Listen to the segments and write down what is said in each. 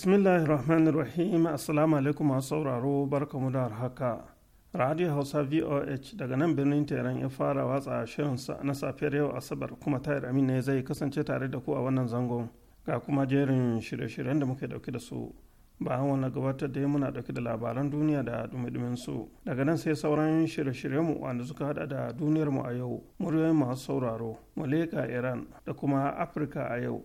bismillahi rahmanir rahim assalamu alaikum masu sauraro barkamu da haka radio hausa voh daga nan birnin teran ya fara watsa shirinsa na safiyar yau asabar kuma tayar amina zai kasance tare da ku a wannan zangon ga kuma jerin shirye-shiryen da muke dauke da su bayan wani gabatar da muna dauke da labaran duniya da dumi su daga nan sai sauran shirye shiryen mu wanda suka hada da duniyar mu a yau muryoyin masu sauraro mu leka iran da kuma afirka a yau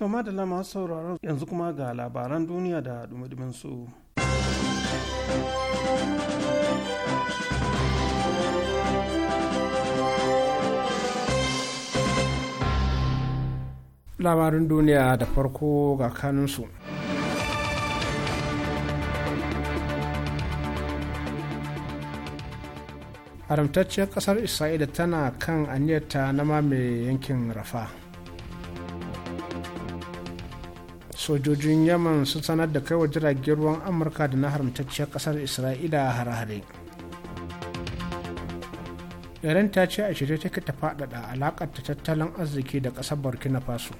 To madalla masu sauraron yanzu kuma ga labaran duniya da dumudumin su. Labarin duniya da farko ga kanunsu. haramtacciyar kasar isra'ila tana kan aniyarta na mamaye yankin rafa sojojin yaman sun sanar da kaiwa jiragen ruwan amurka da na haramtacciyar kasar isra'ila hare-hare yaren ta ce a shirye take ta faɗaɗa alaƙar ta tattalin arziki da ƙasar burkina faso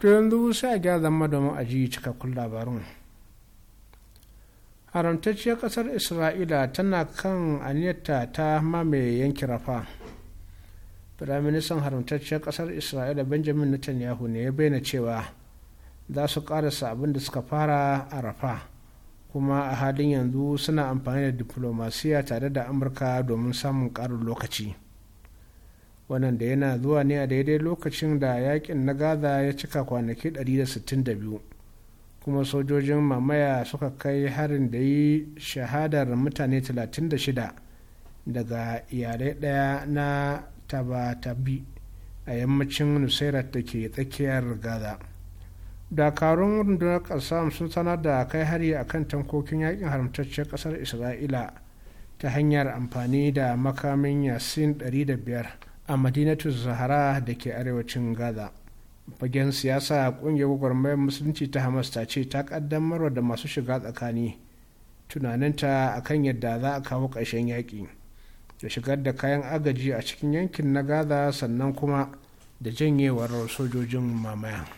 Ta yanzu sai a gyara zama domin a ji cikakkun labarun haramtacciyar ƙasar isra'ila tana kan aniyarta ta mamaye yankin rafa firaministan haramtacciyar ƙasar isra'ila benjamin netanyahu ne ya bayyana cewa za su ƙarasa abin da suka fara a rafa kuma a halin yanzu suna amfani da diplomasiya tare da amurka domin samun ƙarin lokaci wannan da yana zuwa ne a daidai lokacin da yakin na gaza ya cika kwanaki 162 kuma sojojin mamaya suka kai harin da yi shahadar mutane 36 daga iyalai ɗaya na Ta bi a yammacin nusairat da ke tsakiyar gaza dakarun rundunar ƙasam sun sanar da kai hari a kan tankokin yakin haramtacciyar ƙasar isra'ila ta hanyar amfani da makamin yasin 500 a madinatu zahara da ke arewacin gaza fagen siyasa ƙungiyar gwagwarmayar musulunci ta hamas ta ce ta kaddamarwa da masu shiga tsakani tunaninta akan yadda za a kawo ƙarshen yaƙi da shigar da kayan agaji a cikin yankin na gaza sannan kuma da janyewar sojojin mamaya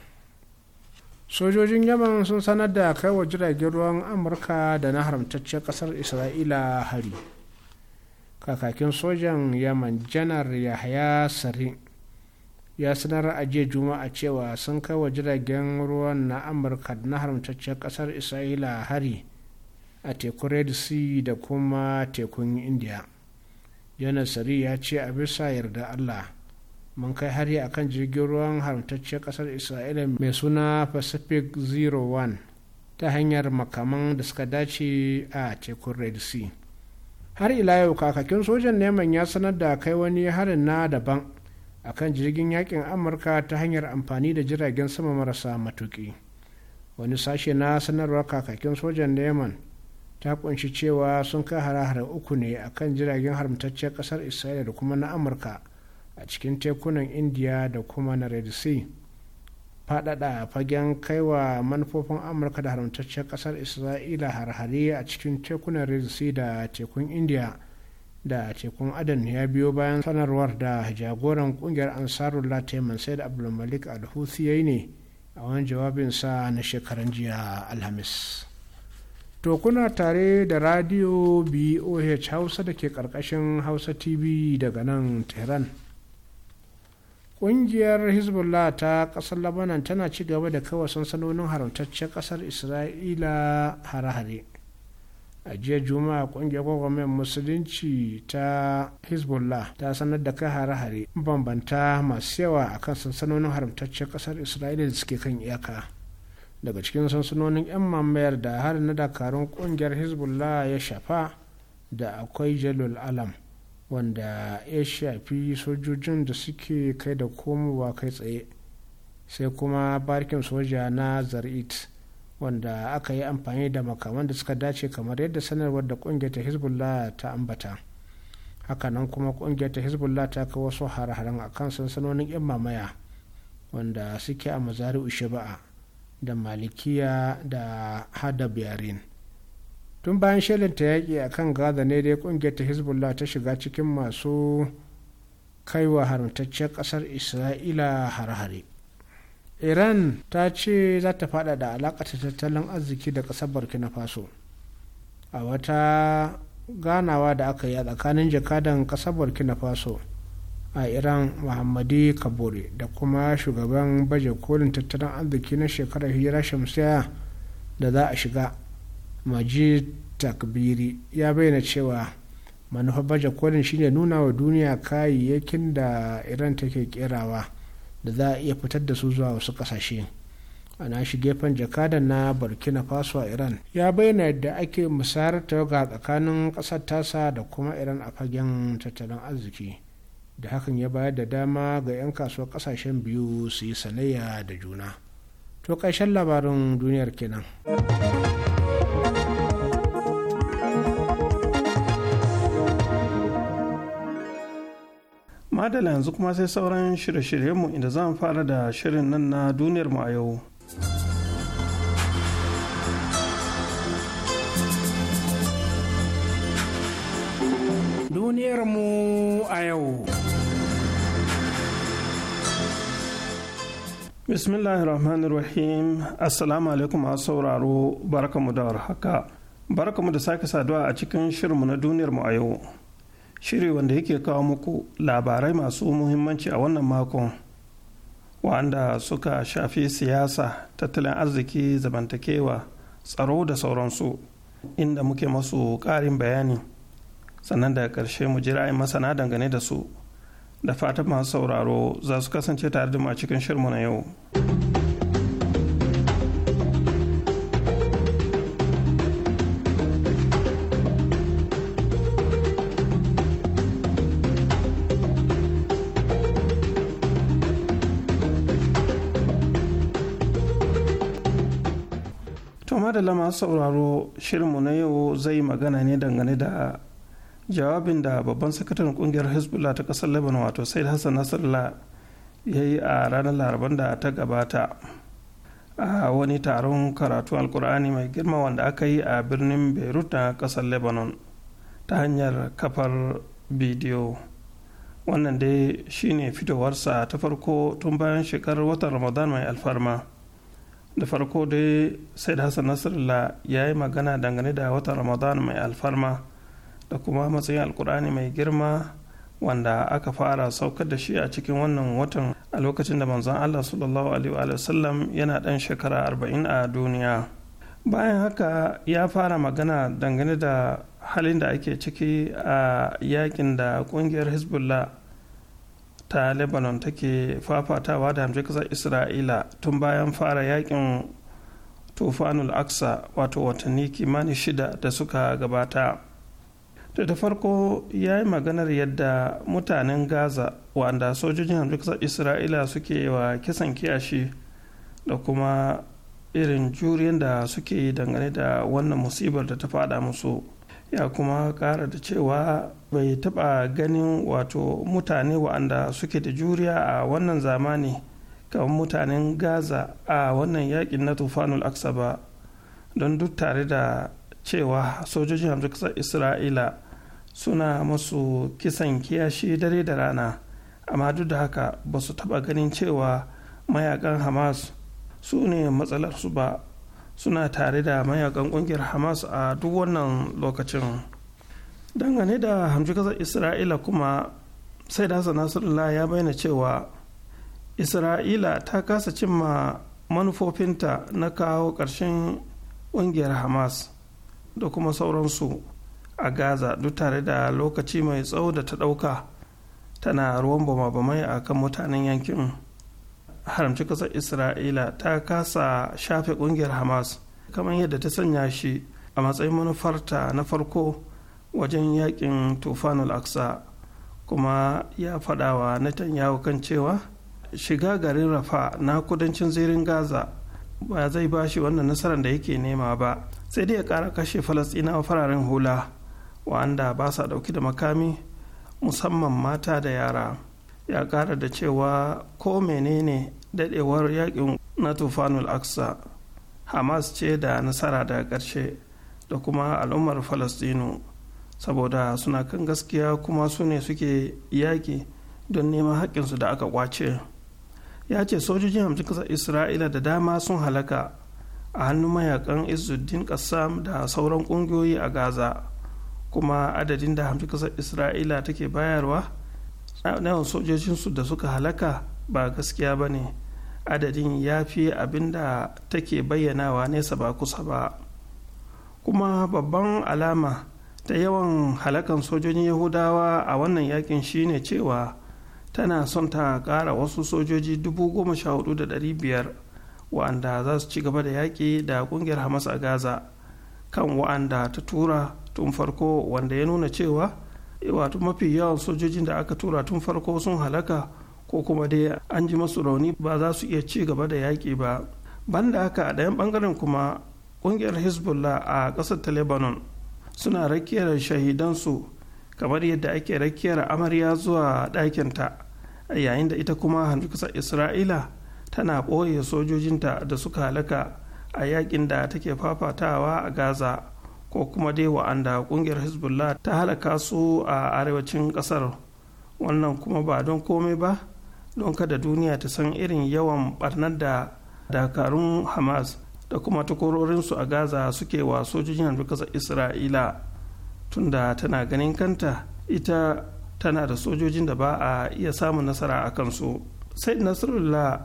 sojojin yaman sun sanar da kaiwa jiragen ruwan amurka da na haramtacce kasar isra'ila hari kakakin sojan yaman janar yahaya sari ya sanar a jiya juma'a cewa sun kaiwa jiragen ruwan na amurka da na haramtacce kasar isra'ila hari a tekun red sea da kuma tekun india yanasari ya ce a bisa yarda allah mun kai hari a kan jirgin ruwan haramtacciyar kasar isra'ila mai suna pacific 01 ta hanyar makaman da suka dace a tekun red sea har ila yau kakakin sojan neman ya sanar da kai wani harin na daban a kan jirgin yakin amurka ta hanyar amfani da jiragen sama marasa matuki wani sashe na sanarwar kakakin sojan neman ta kunshi cewa sun kai hare-hare uku ne akan jiragen haramtacciyar kasar isra'ila da kuma na amurka a cikin tekunan indiya da kuma na red sea faɗaɗa fagen kaiwa manufofin amurka da haramtacciyar kasar isra'ila har a cikin tekunan red sea da tekun indiya da tekun adan ya biyo bayan sanarwar da jagoran kungiyar ansarullah taiman said abdulmalik al yi ne a wani jawabinsa na shekaran jiya alhamis to kuna tare da radio boh hausa da ke karkashin hausa tv daga nan tehran ƙungiyar hezbollah ta ƙasar labanan tana ci gaba da kawai sansanonin haramtaccen ƙasar isra'ila hare-hare a jiya juma'a ƙungiyar gwagwarmayar musulunci ta hezbollah ta sanar da kai hare-hare bambanta masu yawa akan sansanonin haramtaccen ƙasar isra'ila da suke kan iyaka daga cikin sansanonin 'yan mamayar da har na dakarun kungiyar hezbollah ya shafa da akwai jalul alam wanda ya shafi sojojin da suke kai da komowa kai tsaye sai kuma barkin soja na zar'it wanda aka yi amfani da makaman da suka dace kamar yadda sanarwar da kungiyar ta hezbollah ta ambata hakanan kuma kungiyar ta hezbollah ta kai wasu hare-haren kan sansanonin 'yan mamaya wanda suke a mazari'u shaba'a da malikiya da hadab yarin tun bayan ta yaƙi a kan gaza ne dai ƙungiyar ta hezbollah ta shiga cikin masu kaiwa haramtacciyar ƙasar isra'ila har-hare iran ta ce za ta da alaƙa tattalin arziki da ƙasar burkina faso a wata ganawa da aka yi a tsakanin jakadan ƙasar burkina faso a iran muhammadu kabore da kuma shugaban baje kolin tattalin arziki na shekarar hira shamsiya da za a shiga maji takbiri ya bayyana cewa manufar baje kolin shine nuna wa duniya kayayyakin da iran take kerawa da za a iya fitar da su zuwa wasu kasashe a nashi gefen jakada na burkina faso a iran ya bayyana yadda ake musayar ga tsakanin ƙasar tasa da kuma iran a fagen tattalin arziki da hakan ya bayar da dama ga 'yan kasuwar kasashen biyu su yi sanayya da juna to ƙarshen labarin duniyar kenan. madala yanzu kuma sai sauran shirye-shiryenmu inda za mu fara da shirin nan na duniyar mu a yau. duniyarmu a yau. bismillahir rahmanir rahim assalamu alaikum a sauraro barkamu da warhaka barkamu da sake saduwa a cikin shirinmu na duniyarmu a yau shiri wanda yake kawo muku labarai masu muhimmanci a wannan makon wanda suka shafi siyasa tattalin arziki zamantakewa tsaro da sauransu inda muke masu ƙarin bayani sannan daga ƙarshe mu ji ra'ayin masana dangane da su da fatan masu sauraro za su kasance tare da mu a cikin shirmu na yau. To madalla masu sauraro shirinmu na yau zai magana ne dangane da jawabin da babban sakataren kungiyar hezbollah ta kasar lebanon wato said hassan nasrallah ya yi a ranar laraban da ta gabata a wani taron karatu alkur'ani mai girma wanda aka yi a birnin beirut na kasar lebanon ta hanyar kafar bidiyo wannan dai shine fitowarsa ta farko tun bayan shekarar watan ramadan mai alfarma da farko dai said hassan nasrallah ya yi magana dangane da watan ramadan mai alfarma da kuma matsayin alkur'ani mai girma wanda aka fara saukar da shi a cikin wannan watan a lokacin da manzon Allah sallallahu alaihi wa sallam yana dan shekara arba'in a duniya bayan haka ya fara magana dangane da halin da ake ciki a yakin da kungiyar hezbollah ta lebanon take fafatawa da hamshe kasar isra'ila tun bayan fara yakin tufanul aksa wato watanni kimanin shida da suka gabata to da farko ya yi maganar yadda mutanen gaza wanda sojojin hamdukasar isra'ila suke wa kisan kiyashi da kuma irin juriyar da suke yi dangane da wannan musibar da ta fada musu ya kuma kara da cewa bai taba ganin wato mutane wa'anda suke da juriya a wannan zamani kamar mutanen gaza a wannan yakin na tufanul aksa ba don duk tare da cewa sojojin hamsin kasar isra'ila suna masu kisan kiyashi dare da rana amma duk da haka ba su taba ganin cewa mayakan hamas su ne matsalarsu ba suna tare da mayakan kungiyar hamas a duk wannan lokacin dangane da hamshi kasar isra'ila kuma sai da hassan nasarullah ya bayyana cewa isra'ila ta kasa cimma manufofinta na kawo ƙarshen ƙungiyar hamas da kuma sauransu a gaza duk tare da lokaci mai tsawo da ta ɗauka tana ruwan bama-bamai a kan mutanen yankin haramci ƙasar isra'ila ta kasa shafe ƙungiyar hamas kamar yadda ta sanya shi a matsayin manufarta na farko wajen yakin tufanul aksa kuma ya faɗawa yawo kan cewa shiga garin rafa na kudancin zirin gaza ba zai bashi wannan nasarar da yake nema ba sai dai ya kara kashe falasɗinawa fararen hula wa'anda ba sa ɗauki da makami musamman mata da yara ya kara da cewa ko menene daɗewar yakin na tufanul aksa hamas ce da nasara daga ƙarshe da kuma al'ummar falasɗinu saboda suna kan gaskiya kuma su ne suke yaƙi don neman haƙƙinsu da aka kwace ya ce sojojin hamsin ƙasar isra'ila da dama sun halaka a hannun mayakan izuddin kassam da sauran ƙungiyoyi a gaza kuma adadin da hamshi kasar isra'ila take bayarwa na yawan sojojinsu da suka halaka ba gaskiya ba ne adadin ya fi abin da take bayyanawa nesa ba kusa ba kuma babban alama ta yawan halakan sojojin yahudawa a wannan yakin shine cewa tana son ta kara wasu sojoji biyar. wa'anda za su ci gaba da yaƙi da ƙungiyar hamas a gaza kan wa'anda ta tura tun farko wanda ya nuna cewa eh, wato mafi yawan sojojin da aka tura tun farko sun halaka ko kuma dai an ji masu rauni ba za su iya ci gaba da yaƙi ba banda haka a ɗayan ɓangaren kuma ƙungiyar hezbollah a ƙasar ta lebanon suna rakiyar shahidansu kamar yadda ake rakiyar amarya zuwa ɗakinta yayin da ita kuma ƙasar isra'ila tana ɓoye sojojinta da suka halaka a yakin da take fafatawa a gaza ko kuma dai wa'anda ƙungiyar hezbollah ta halaka su a arewacin ƙasar wannan kuma ba don komai ba don kada duniya ta san irin yawan ɓarnar da dakarun hamas da kuma takwarorinsu a gaza suke wa sojojin ƙasar isra'ila tunda tana ganin kanta ita tana da sojojin da ba a iya samun nasara a kansu sai nasrullah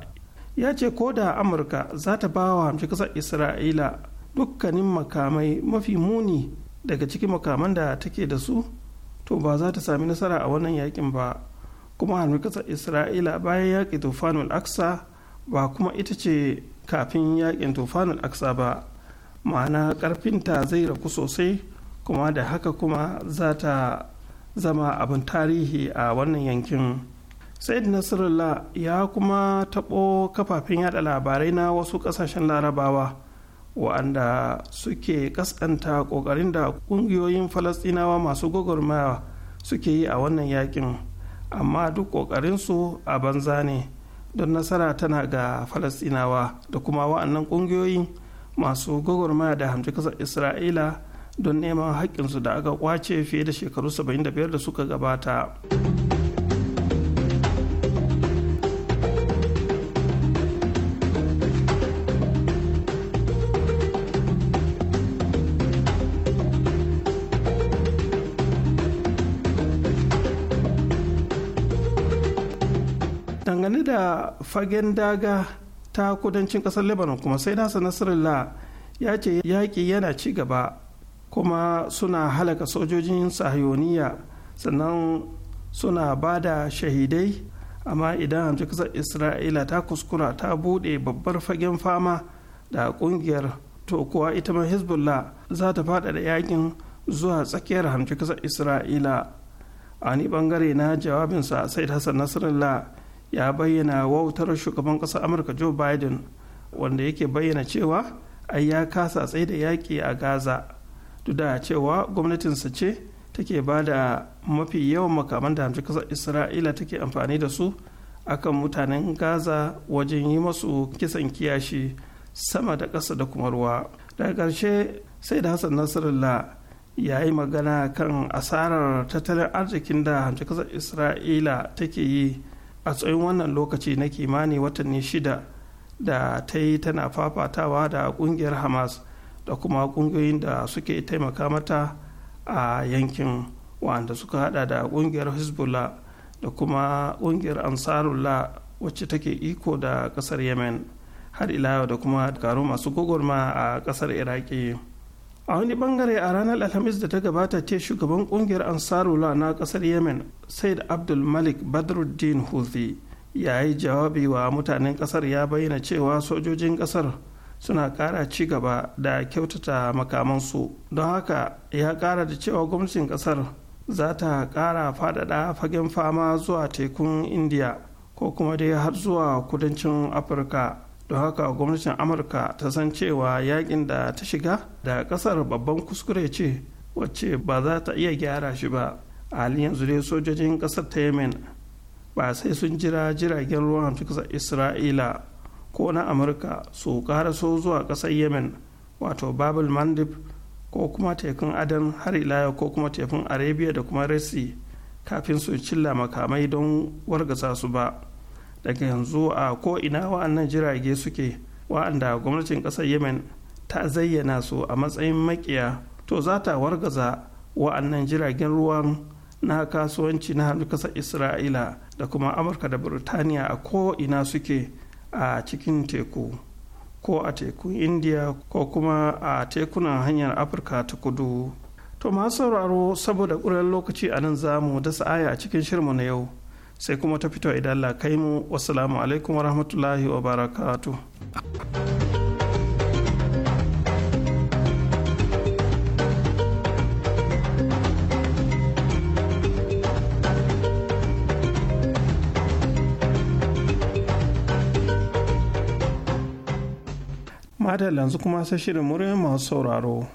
ya ce ko da amurka za ta ba wa hamshi kasar isra'ila dukkanin makamai mafi muni daga cikin makaman da take da su to ba za ta sami nasara a wannan yakin ba kuma hamshi kasar isra'ila bayan yaƙi tufanul aksa ba kuma ita ce kafin yaƙin tufanul aksa ba ma'ana ƙarfinta zai raku sosai kuma da haka kuma za ta zama abin tarihi a wannan yankin. said nasarallah ya kuma taɓo kafafen yada labarai na wasu ƙasashen larabawa wa'anda suke ƙasƙanta ƙoƙarin da ƙungiyoyin falastinawa masu gwagwarmaya suke yi a wannan yakin amma duk ƙoƙarinsu a banza ne don nasara tana ga falastinawa da kuma wa'annan ƙungiyoyi masu gwagwarmaya da hamci ƙasar isra'ila don neman haƙƙinsu da aka kwace fiye da shekaru 75 da suka gabata. fagen daga ta kudancin kasar lebanon kuma sai nasa nasarallah ya ce yaƙi yana ci gaba kuma suna halaka sojojin sahiyoniya sannan suna ba da shahidai amma idan hamci kasar isra'ila ta kuskura ta buɗe babbar fagen fama da ƙungiyar to kuwa ita ma hezbollah za ta faɗaɗa yakin zuwa tsakiyar hamci kasar isra'ila a ni bangare na jawabinsa sai ta hassan nasarallah ya bayyana wautar shugaban ƙasar amurka joe biden wanda yake bayyana cewa ai ya kasa tsaye da yaƙi a gaza duk da cewa gwamnatinsa ce take ba da mafi yawan makaman da hamshi ƙasar isra'ila take amfani da su akan mutanen gaza wajen yi masu kisan kiyashi sama da ƙasa da kuma ruwa daga ƙarshe sai da hassan nasarallah ya yi magana kan asarar tattalin arzikin da hamshi ƙasar isra'ila take yi a tsayin wannan lokaci na kimani watanni shida da ta yi tana fafatawa da kungiyar hamas da kuma kungiyoyin da suke taimaka mata a yankin wanda suka hada da kungiyar hezbollah da kuma kungiyar ansarullah wacce take iko da kasar yemen har ila da kuma dakarun masu gogorma a kasar iraki a wani bangare a ranar alhamis da ta gabata ce shugaban kungiyar ansarula na kasar yemen said abdul malik badruddin houthi ya yi jawabi wa mutanen kasar ya bayyana cewa sojojin kasar suna kara ci gaba da kyautata makamansu don haka ya kara da cewa gwamnatin kasar za ta kara fadada fagen fama zuwa tekun indiya ko kuma dai har zuwa kudancin afirka don haka gwamnatin amurka ta san cewa yakin da ta shiga da kasar babban kuskure ce wacce ba za ta iya gyara shi ba a halin yanzu dai sojojin kasar ta yemen ba sai sun jira jiragen ruwan fiksa isra'ila ko na amurka su karaso zuwa kasar yemen wato babul mandib ko kuma tekun adan har ilaya ko kuma tekun arabia da kuma resi kafin su cilla makamai don wargasa su ba daga yanzu a ko ina wa'annan jirage suke wa'anda gwamnatin ƙasar yemen ta zayyana su a matsayin makiya to za ta wargaza wa'annan jiragen ruwan na kasuwanci na hannun ƙasar isra'ila da kuma amurka da burtaniya a ko ina suke a cikin teku ko a tekun indiya ko kuma a tekunan hanyar afirka ta kudu to masu sauraro saboda ƙuran lokaci a nan za mu dasa aya a cikin shirmu na yau sai kuma ta fito idan Allah kai mu wassalamu alaikum wa rahmatullahi wa barakatu. Madalla yanzu kuma sai shirin murin masu sauraro.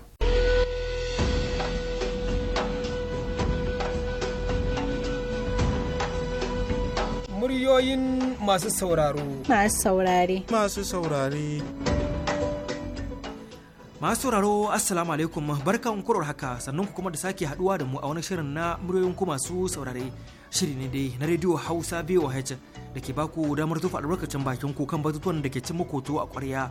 ra'ayoyin masu sauraro. Masu saurare. Masu saurare. Masu sauraro Assalamu alaikum barkan kurar haka sannan ku kuma da sake haduwa da mu a wani shirin na muryoyin ku masu saurare shiri ne dai na rediyo Hausa BOH da ke baku damar tufa albarkacin bakin ku kan batutuwan da ke cin makoto a kwarya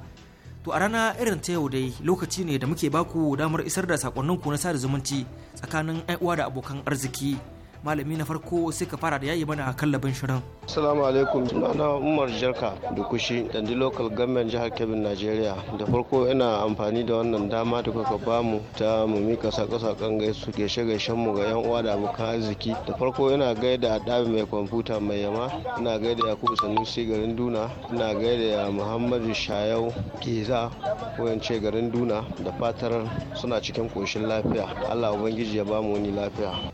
To a rana irin ta yau dai lokaci ne da muke baku damar isar da sakonninku na sada zumunci tsakanin uwa da abokan arziki. malami na farko sai ka fara da yayi mana a kallaban shirin assalamu alaikum sunana umar jarka dukushi dandi local government jihar kebbi nigeria da farko ina amfani da wannan dama da kuka bamu ta mu mika sako-sakon gaisu gaishe gaishen mu ga yan uwa da abokan arziki da farko ina gaida adabi mai kwamfuta mai yama ina gaida yakubu sanusi garin duna ina gaida ya muhammadu shayau keza ko ce garin duna da fatar suna cikin koshin lafiya allah ubangiji ya bamu wani lafiya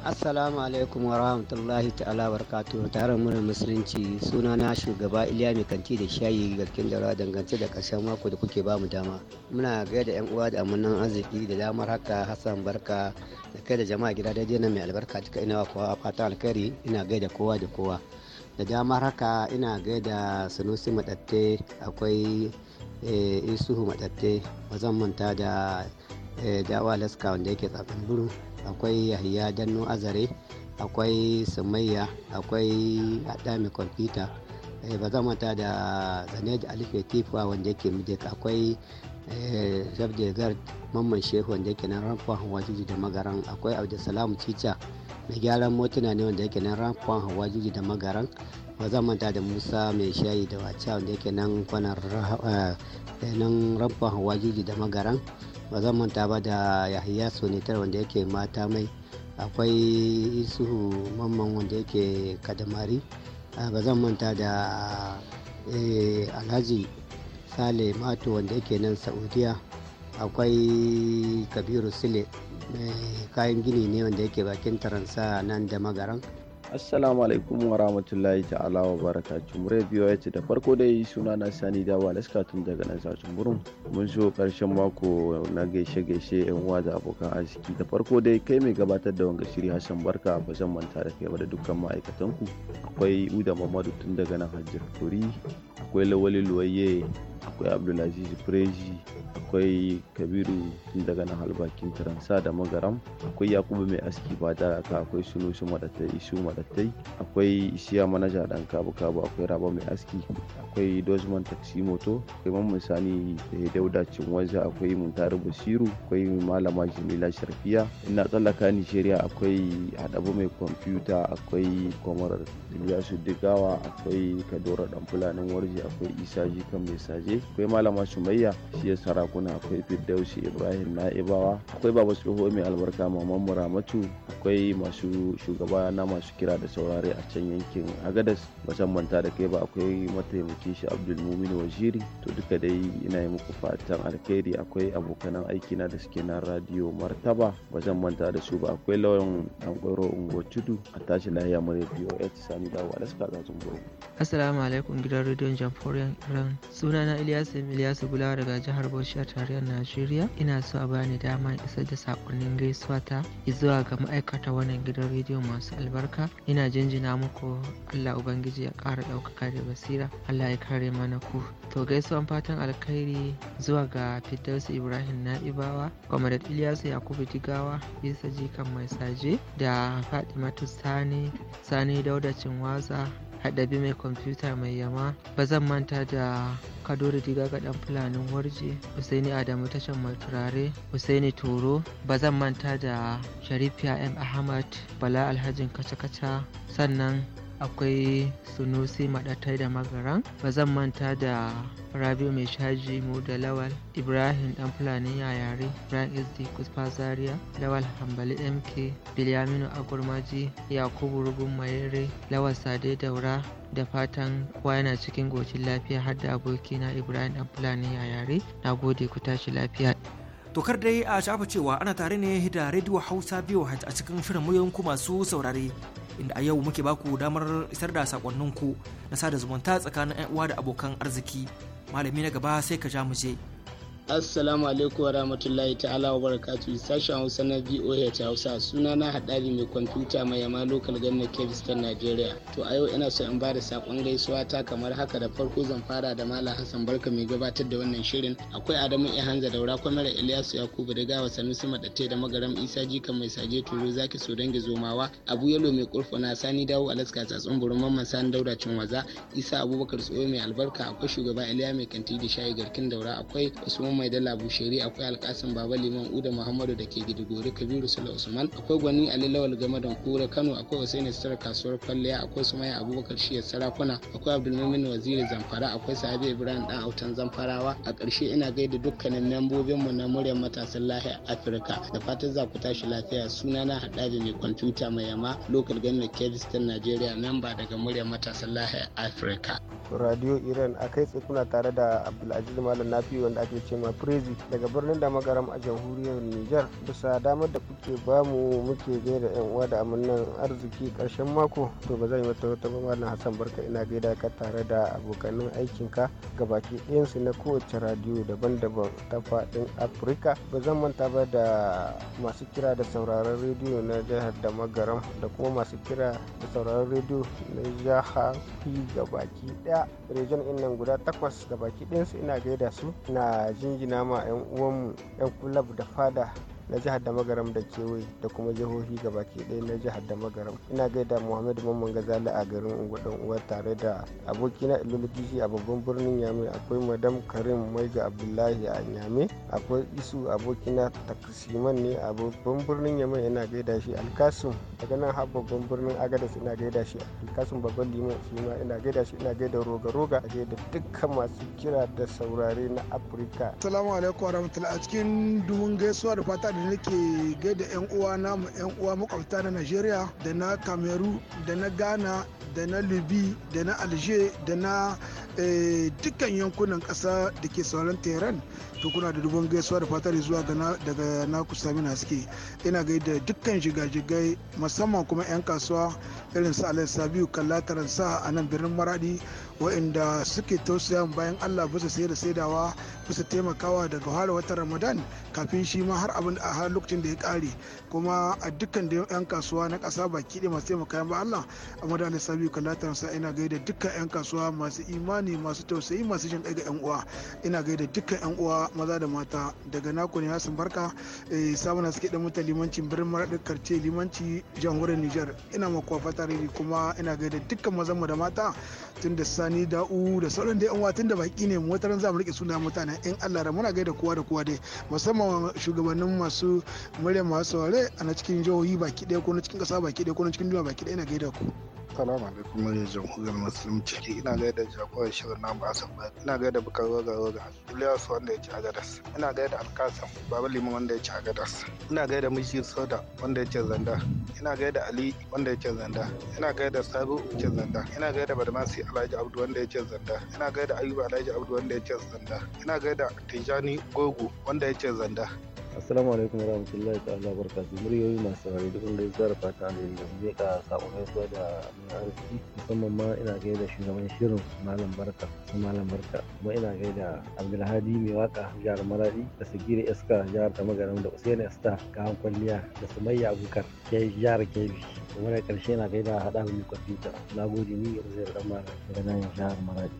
assalamu alaikum wa rahmatullahi ta'ala barkatu tare muna musulunci suna na shugaba iliya mai kanti da shayi garkin da rawa dangance da karshen mako da kuke ba mu dama muna gaida da yan uwa da amannan arziki da damar haka hassan barka da kai da jama'a gida daidai na mai albarka duka ina wa kowa fatan, alkhairi ina gaida kowa da kowa da damar haka ina gaida sanusi madatte akwai eh, isuhu madatte ba manta da eh, dawa laska wanda yake tsakanin buru akwai yahya danno azare akwai sumayya akwai adami kwamfuta eh, ba zan ta da zaneji alife tifuwa wanda yake mijeka akwai zab eh, delgard mamman shehu wanda yake nan ramfon hawajiji da magaran akwai abdulsalam cica mai gyaran motuna ne wanda yake nan ramfon hawajiji da magaran ba zan manta da musa mai shayi da wacha wanda yake nan kwanar eh, nan hawajiji da magaran ba zan manta ba da yahaya sunitar wanda yake mata mai akwai isu mamman wanda yake kadamari ah, ba zan manta da eh, alhaji sale mato wanda yake nan saudiya akwai kabiru sile eh, kayan gini ne wanda yake bakin taransa nan da magaran Assalamu alaikum wa rahmatullahi ta'ala wa barakatu. Radio ya ce da farko dai suna na sani da walaska tun daga nan sashen burin. Mun so karshen mako na gaishe gaishe yan uwa da abokan arziki. Da farko dai kai mai gabatar da wanga shiri Hassan Barka ba zan manta da kai ba da dukkan ma'aikatan ku. Akwai Uda Mamadu tun daga nan Hajjar Kuri, akwai Lawali Luwaye, akwai Abdulaziz Preji, akwai Kabiru tun daga nan Halbakin Taransa da Magaram, akwai Yakubu Mai Aski ba da akwai Sunusu Madatai Isu Madatai madattai akwai isiya manaja dan kabu kabu akwai raba mai aski akwai dozman taxi moto akwai mamman sani da eh, dauda waje akwai muntari basiru akwai malama jimila sharfiya ina tsallaka nigeria akwai hadabu mai kwamfuta akwai kwamar iliyasu digawa akwai kadora dan fulanin warje akwai isa jika mai saje akwai malama sumayya shi ya sarakuna akwai firdausi ibrahim na'ibawa akwai baba tsoho mai albarka mamman muramatu akwai masu shugaba na masu kira kira da saurare a can yankin agadas ba can manta da kai ba akwai mataimaki shi abdulmumin waziri to duka dai ina yi muku fatan alkhairi akwai abokanan aiki na da suke na radio martaba ba manta da su ba akwai lauyan dan kwaro ungo tudu a tashi lahiya murya ci sani dawo suka zazun goro assalamu alaikum gidan rediyon jamhuriyar iran suna na ilyasu ilyasu gulawa daga jihar bauchi a tarayyar najeriya ina so a bani dama isar da sakonnin gaisuwa ta zuwa ga ma'aikata wannan gidan rediyo masu albarka ina jinjina muku Allah Ubangiji ya ƙara ɗaukaka da basira Allah ya kare mana ku to gaisuwan fatan alkhairi zuwa ga Firdausu Ibrahim Na'ibawa Comrade Ilyasu Yakubu Jigawa Isa Jikan Mai Saje da Fatimatu Sani Sani Dauda Cinwaza haɗabi mai kwamfuta mai yama ba zan manta da kadori diga ga ɗan fulanin warje husaini adamu tashar mai turare husaini toro ba zan manta da sharifiya m ahmad bala alhajin kaca-kaca sannan akwai sunusi maɗatai da magaran ba zan manta da rabiu mai shaji mu da lawal ibrahim dan fulani yare ibrahim isdi kusfa zaria lawal hambali mk bilyaminu agurmaji yakubu rugun mayere lawal sade daura da fatan kowa yana cikin gocin lafiya har da abokina ibrahim dan fulani yare na gode ku tashi lafiya to tokar dai a shafa cewa ana tare ne da rediyo Hausa VOH a cikin shirin muryoyin ku masu saurare inda a yau muke baku damar isar da sakonninku na sada zumunta tsakanin 'yan uwa da abokan arziki. Malami na gaba sai ka ja mu je. assalamu alaikum wa rahmatullahi ta'ala wa barakatu sashen hausa na voa ta hausa suna na haɗari mai kwamfuta mai yama lokal ganna ta najeriya to a yau ina so in ba da saƙon gaisuwa ta kamar haka da farko zan fara da malam hassan barka mai gabatar da wannan shirin akwai adamu ihanza daura kwamar ilyasu yakubu da gawa sanusi maɗatai da magaram isa jika mai saje turo zaki so dangi zomawa abu yalo mai kurfuna sani dawo alaska tsatsun burin mamman sani daura waza. isa abubakar tsoho mai albarka akwai shugaba iliya mai kanti da shayi garkin daura akwai usman mai dala akwai alkasin baba liman uda muhammadu da ke gidigori kabiru sula usman akwai gwani ali lawal da kura kano akwai hussein star kasuwar kwalliya akwai sumaya abubakar shiyar sarakuna akwai abdulmumin waziri zamfara akwai sahabi ibrahim dan autan zamfarawa a ƙarshe ina gaida dukkanin membobinmu na muryar matasan lahiyar afirka da fatan za ku tashi lafiya suna na hada da mai kwamfuta mai yama lokal ganin kebis nigeria najeriya ba daga muryar matasan lahiyar afirka radio iran akai kai kuna tare da abdulaziz malam nafi wanda ake ce mai prezi daga birnin da magaram a jamhuriyar nijar bisa damar da kuke bamu muke gaida yan uwa da amannan arziki karshen mako to ba zan yi wata wata ba na hassan barka ina gaida ka tare da abokanin aikinka gabaki ɗayansu na kowace radiyo daban-daban ta faɗin afirka ba zan manta ba da masu kira da sauraron rediyo na jihar da magaram da kuma masu kira da sauraron rediyo na jihar gabaki ɗaya region ɗin nan guda takwas gabaki ɗayansu ina gaida su na jin jingina ma 'yan uwanmu 'yan kulab da fada na jihar da magaram da kewaye da kuma jihohi gabaki ɗaya na jihar da magaram ina gaida muhammed mamman gazali a garin ungudan uwa tare da abokina ilulukishi a babban birnin yame akwai madam karim maiga abdullahi a yame akwai isu abokina taksiman ne a babban birnin yame ina gaida shi alkasum daga nan har babban birnin agadas ina gaida shi alkasum babban liman shi ma ina gaida shi ina gaida roga roga a gaida dukkan masu kira da saurare na afirka salamu alaikum warahmatullahi a cikin dumin gaisuwa da fata nake gaida 'yan uwa mu 'yan uwa makwabta na Najeriya da na Cameroon da na Ghana da na libi da na Alger da na eh, dukkan yankunan ƙasa da ke sauran Tehran to kuna da dubban gaisuwa da fatar zuwa ga daga na kusa mina suke ina gaida dukkan jigajigai musamman kuma 'yan kasuwa irin sa alai sabiu lataran sa a nan birnin maradi wa'inda suke tausaya bayan allah bisa sai da saidawa bisa taimakawa daga fara watan ramadan kafin shi ma har abin a lokacin da ya kare kuma a dukkan da yan kasuwa na kasa baki ɗaya masu taimaka ba allah a madalin sabiu lataran sa ina gaida dukkan yan kasuwa masu imani masu tausayi masu jin ga yan uwa ina gaida dukkan yan uwa maza da mata daga naku ne hasan barka eh, sabon suke da mutan limancin birnin maraɗin karce limanci jamhuriyar niger ina makwa fata tarihi kuma ina gaida dukkan mazan mu da mata tun da sani da'u da sauran da yan watan da baki ne mu wataran mu rike suna mutane in Allah da muna gaida kowa da kowa dai musamman shugabannin masu murya masu saurare a na cikin jihohi baki ɗaya ko na cikin ƙasa baki ɗaya ko na cikin duniya baki ɗaya ina gaida ku. Assalamu alaikum mai jamhuriyar musulunci ina gaida jagoran shirin namu Asabar ina gaida Bukar Roga Roga su wanda ya ci Agadas ina gaida alkasa babu limon wanda ya ci Agadas ina gaida Mishi Soda wanda ya ci Zanda ina gaida Ali wanda ya ci Zanda ina gaida Sabu ce Zanda ina gaida Badmasi Alhaji Abdu wanda ya ce Zanda ina gaida Ayuba Alhaji Abdu wanda ya ce Zanda ina gaida Tijani Gogo wanda ya ce Zanda assalamu alaikum warahmatullahi ta'ala barkatu muryoyi masu saurari duk wanda ya tsara fata ne da zai ka sakon zuwa da arziki musamman ma ina gaida shugaban shirin malam barka su malam barka kuma ina gaida abdulhadi mai waka jihar maradi da sigiri iska jihar ta tamagaram da usaini star kayan kwalliya da sumayya abubakar jihar kebi kuma da karshe ina gaida haɗa mai kwamfuta na gode ni yanzu zai dan mara daga nan jihar maradi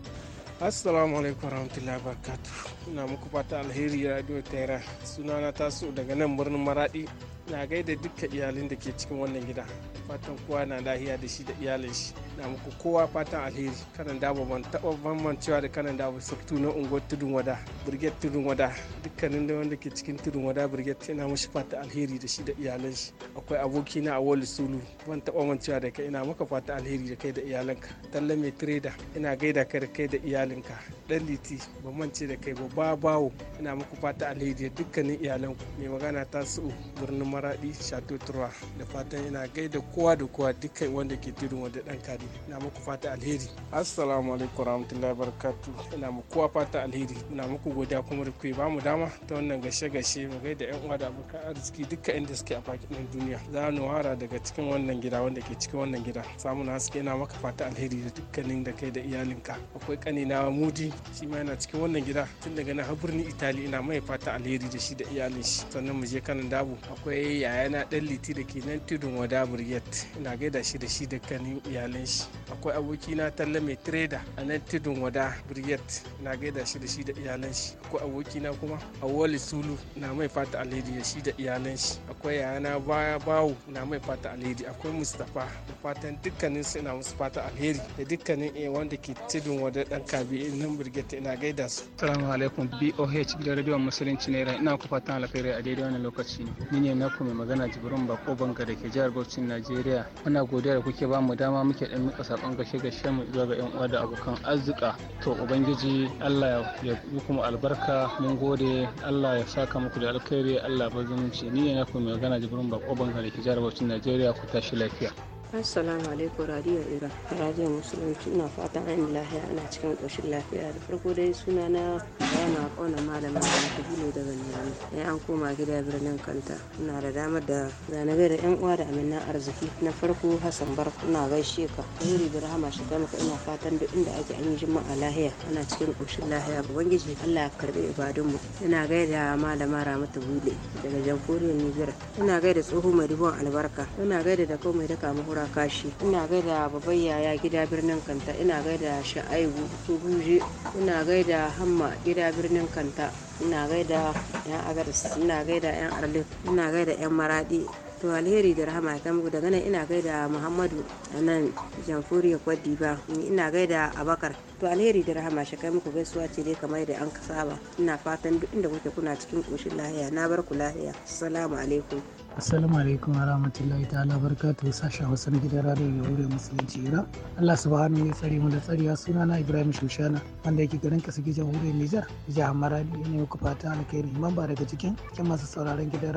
assalamu alaikum warahmatullahi wabarakatuh ina muku fata alheri radio tera sunana taso daga nan birnin maradi na gaida duka iyalin da ke cikin wannan gida fatan kowa na lahiya da shi da iyalin shi na muku kowa fatan alheri kanan dabo ban taba da kanan dabo sabtu na unguwar tudun wada birget tudun wada dukkanin da wanda ke cikin tudun wada birget yana mashi fata alheri da shi da iyalan shi akwai aboki na wali sulu ban taba mancewa da kai ina maka fata alheri da kai da iyalinka talle mai tireda ina gaida ka da kai da iyalinka dan liti ba mance da kai ba bawo ina muku fata alheri dukkanin iyalanku mai magana ta su birnin maradi chateau turwa da fatan ina gaida kowa da kowa dukkan wanda ke tudun wanda dan kari ina muku fata alheri assalamu alaikum warahmatullahi wabarakatuh ina muku kowa fata alheri ina muku godiya kuma da kuyi bamu dama ta wannan gashe gashe mu gaida yan uwa da abokan arziki dukkan inda suke a fakin duniya za mu wara daga cikin wannan gida wanda ke cikin wannan gida samu na haske ina maka fata alheri da dukkanin da kai da iyalinka akwai kanina mudi shi ma yana cikin wannan gida tun daga na har birnin itali ina mai fata alheri da shi da iyalin shi sannan mu je kanan dabu akwai yayana dan liti da ke nan tudun wada yet ina gaida shi da shi da kanin iyalin shi akwai abokina talla mai treda a nan tudun wada yet ina gaida shi da shi da iyalin shi akwai abokina kuma a wali sulu na mai fata alheri da shi da iyalin shi akwai yayana baya bawo na mai fata alheri akwai mustapha da fatan dukkanin su ina musu fata alheri da dukkanin eh, wanda ke tudun wada dan kabi eh, nan Brigade ina gaida su. salamu alaikum BOH gidan radio musulunci ne ina ku fatan alkhairi a daidai wannan lokaci. Ni ne na mai magana Jibrin Bako Banga da ke jihar Bauchi Najeriya. Muna godiya da kuke ba mu dama muke dan mika sakon gashe gashe mu zuwa ga yan uwa da abokan arzika. To ubangiji Allah ya yi kuma albarka mun gode Allah ya saka muku da alkhairi Allah ba zumunci. Ni ne na mai magana Jibrin Bako Banga da ke jihar Bauchi Najeriya ku tashi lafiya. assalamu alaikum radiyo iran radio musulunci ina fatan an lahiya. ana cikin ƙoshin lafiya da farko dai suna na yana kona malama da kabilu daga niyami ya an koma gida birnin kanta ina da damar da zanabe da yan uwa da amina arziki na farko hassan bar ina gaishe ka zuri da rahama shiga maka ina fatan duk inda ake an yi jima'a lahiya ana cikin ƙoshin lahiya ubangiji allah ya karɓi ibadunmu ina gaida malama ramatu bule daga jamhuriyar nijar ina gaida tsoho mai dubuwan albarka ina gaida da kawai mai daka mahura rakashi ina gaida babban yaya gida birnin kanta ina gaida sha'aibu buje ina gaida hamma gida birnin kanta ina gaida yan agaris ina gaida yan arlif ina gaida yan maradi to alheri da rahama ta muku daga nan ina gaida muhammadu a nan jamhuriyar kwaddi ba ina gaida abakar to alheri da rahama shi kai muku gaisuwa ce dai kamar yadda an saba ina fatan duk inda kuke kuna cikin koshin lahiya na bar ku lahiya assalamu alaikum Assalamu alaikum wa rahmatullahi ta'ala barkatu sashen Hausa na gidan ya da musulunci Iran. Allah subhanahu ya tsare mu da tsariya suna na Ibrahim Shushana wanda yake garin kasa gidan wurin Nijar jihar Maradi ne ku fata alkhairi mamba daga cikin cikin masu sauraron gidan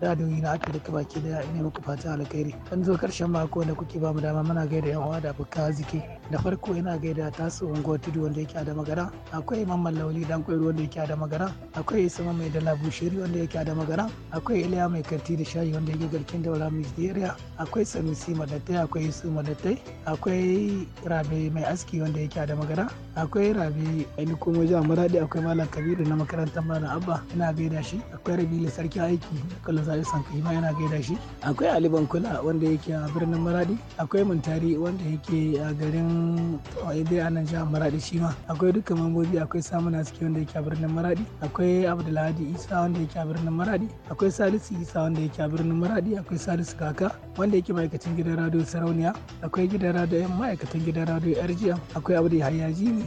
radio yi na da kabaki daya ne muku fata alkhairi. An zo karshen mako da kuke ba mu dama muna gaida yan uwa da abokan arziki. Da farko ina gaida tasu unguwa tudu wanda yake a da magara akwai Imam Mallauli dan kwairo wanda yake da magara akwai Isa mai dala bushiri wanda yake da magara akwai Iliya mai karti da shayi wanda yake garkin wala area akwai sanusi Madatai akwai su Madatai akwai rabe mai aski wanda yake da magana akwai rabe ali kuma jihar maradi akwai malam kabiru na makarantar malam abba yana gaida shi akwai rabi sarki aiki kallon zai san ma yana gaida shi akwai ali bankula wanda yake a birnin maradi akwai muntari wanda yake a garin ibe anan nan maradi shi ma akwai duka mambobi akwai samuna aski wanda yake a birnin maradi akwai abdulhadi isa wanda yake a birnin maradi akwai salisu isa wanda yake yake a birnin maradi akwai salisu kaka wanda yake ma'aikacin gidan radio sarauniya akwai gidan radio yan ma'aikatan gidan radio rgm akwai abu da ya ne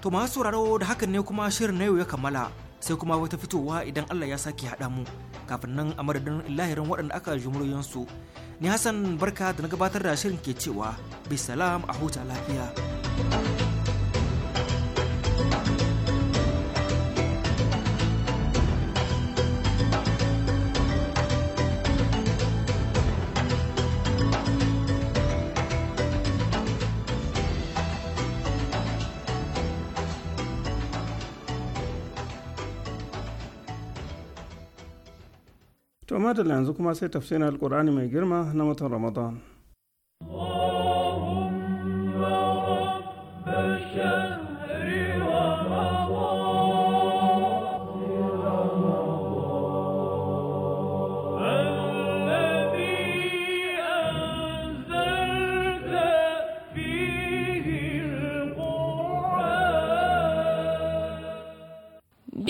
to masu sauraro da hakan ne kuma shirin na yau ya kammala sai kuma wata fitowa idan allah ya sake haɗa mu kafin nan a madadin lahirin waɗanda aka su ni hassan barka da na gabatar da shirin ke cewa bisalam a huta lafiya da yanzu kuma sai tafsirin alkur'ani mai girma na watan ramadan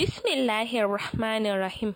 Bismillahirrahmanirrahim.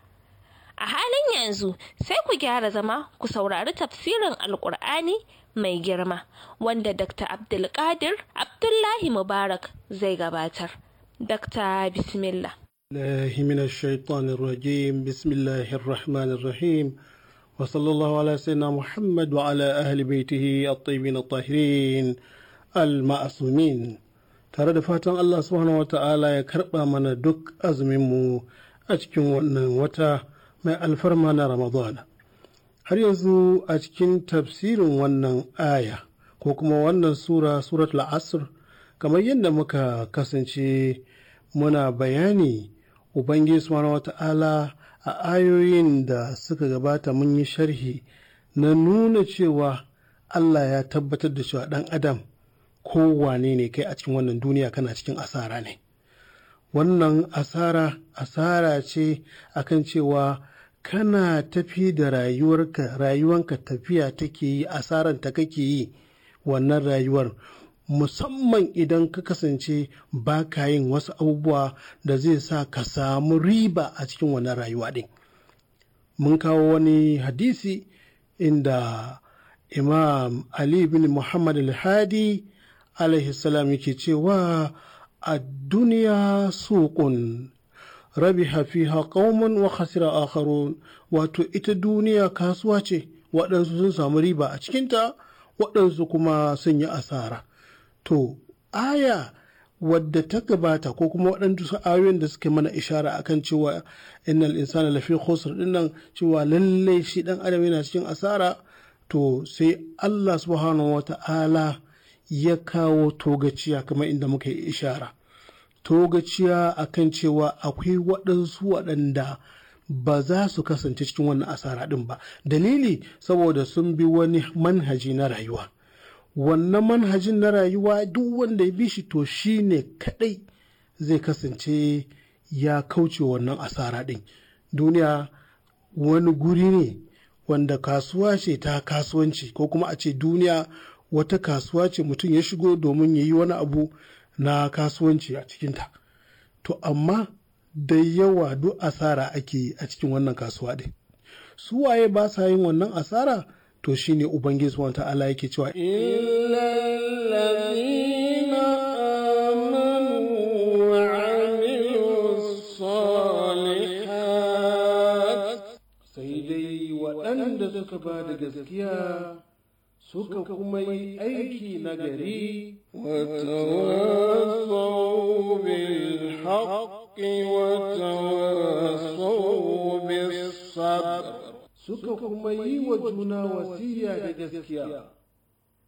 A halin yanzu sai ku gyara zama ku saurari tafsirin Alƙur'ani mai girma wanda Dr. Abdulkadir Abdullahi Mubarak zai gabatar. Dr. Bismillah. الله من الشيطان الرجيم بسم الله الرحمن الرحيم وصلى الله على سيدنا محمد وعلى أهل بيته الطيبين الطاهرين المعصومين tare da fatan Allah subhanahu wa ta'ala ya karɓa mana duk azuminmu a cikin wannan wata mai alfarma na ramadana har yanzu a cikin tafsirin wannan aya ko kuma wannan sura surat kamar yadda muka kasance muna bayani ubangiji subhanahu wata'ala a ayoyin da suka gabata mun yi sharhi na nuna cewa allah ya tabbatar da cewa ɗan adam kowane ne kai a cikin wannan duniya kana cikin asara ne wannan asara asara ce akan cewa kana tafi da rayuwarka rayuwanka tafiya take yi ta kake yi wannan rayuwar musamman idan ka kasance ba ka yin wasu abubuwa da zai sa ka samu riba a cikin wannan rayuwa ɗin mun kawo wani hadisi inda imam ali bin muhammad al-hadi alaihi salam yake cewa a duniya suƙun rabiha fiha qauman wa khasira akharun wato ita duniya kasuwa ce waɗansu sun samu riba a cikinta waɗansu kuma sun yi asara to aya wadda ta gabata ko kuma waɗansu ayoyin da suke mana ishara akan cewa innal insana lafi khusr dinnan cewa lallai shi dan adam yana cikin asara to sai Allah subhanahu wata'ala ya kawo togaciya kamar inda muka yi ishara togaciya a kan cewa akwai waɗansu waɗanda ba za su kasance cikin wannan asara ɗin ba dalili saboda sun bi wani manhaji na rayuwa wannan manhajin na rayuwa duk wanda ya bi shi to shi ne kaɗai zai kasance ya kauce wannan asara ɗin duniya wani guri ne wanda kasuwa ce ta kasuwanci ko kuma a ce duniya wata kasuwa ce mutum ya shigo domin ya yi wani abu na kasuwanci a cikinta to amma da yawa duk asara ake a cikin wannan kasuwa ɗin su waye ba sa yin wannan asara to shine ubangiji subhanahu ta'ala yake cewa sai dai waɗanda suka ba da gaskiya suka kuma yi aiki na gari suka kuma yi wa juna wasiya da gaskiya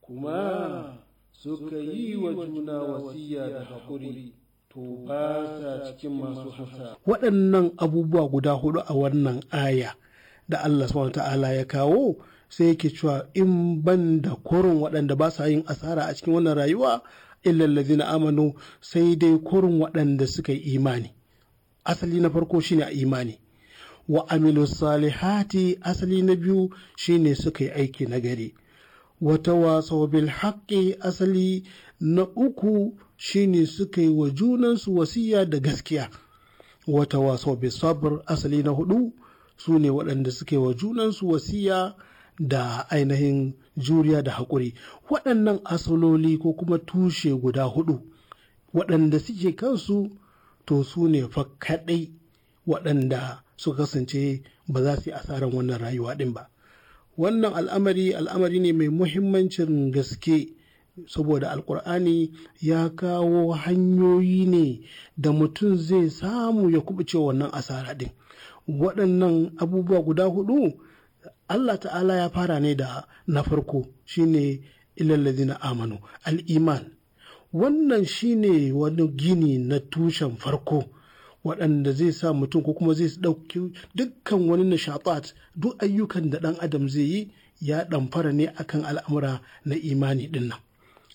kuma suka yi wa juna wasiya da haƙuri to ba sa cikin masu hasa waɗannan abubuwa guda hudu a wannan aya da Allah subhanahu ta'ala ya kawo sai yake cewa in ban da korin waɗanda ba sa yin asara a cikin wannan rayuwa illallazi na amanu sai dai korin waɗanda suka yi imani asali na farko shine a imani wa amilu salihati asali na biyu shine suka yi aiki na gari wata wasa bil haƙƙi asali na uku shine suka yi wa junansu wasiya da gaskiya wata wasa bil sabr asali na hudu su ne waɗanda suka yi wa junansu wasiya da ainihin juriya da haƙuri waɗannan asaloli ko kuma tushe guda hudu waɗanda suke kansu to su ne fa kaɗai waɗanda su kasance ba za su yi asarar wannan rayuwa ɗin ba wannan al'amari al'amari ne mai muhimmancin gaske saboda alkur'ani ya kawo hanyoyi ne da mutum zai samu ya kubuce wannan asara ɗin waɗannan abubuwa guda hudu Allah ta'ala ya fara ne da na farko shine na amanu al'iman wannan shine wani gini na tushen farko waɗanda zai sa mutum ko kuma zai ɗauki dukkan wani nishaɗat duk ayyukan da ɗan adam zai yi ya ɗamfara ne akan al'amura na imani ɗin nan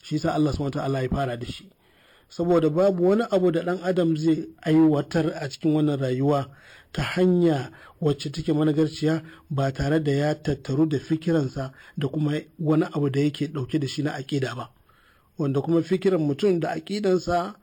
shi sa Allah subhanahu ta'ala ya fara da shi saboda babu wani abu da ɗan adam zai aiwatar a cikin wannan rayuwa ta hanya wacce take managarciya ba tare da ya tattaru da fikiransa da kuma wani abu da yake dauke da shi na aƙida ba wanda kuma fikiran mutum da aƙidansa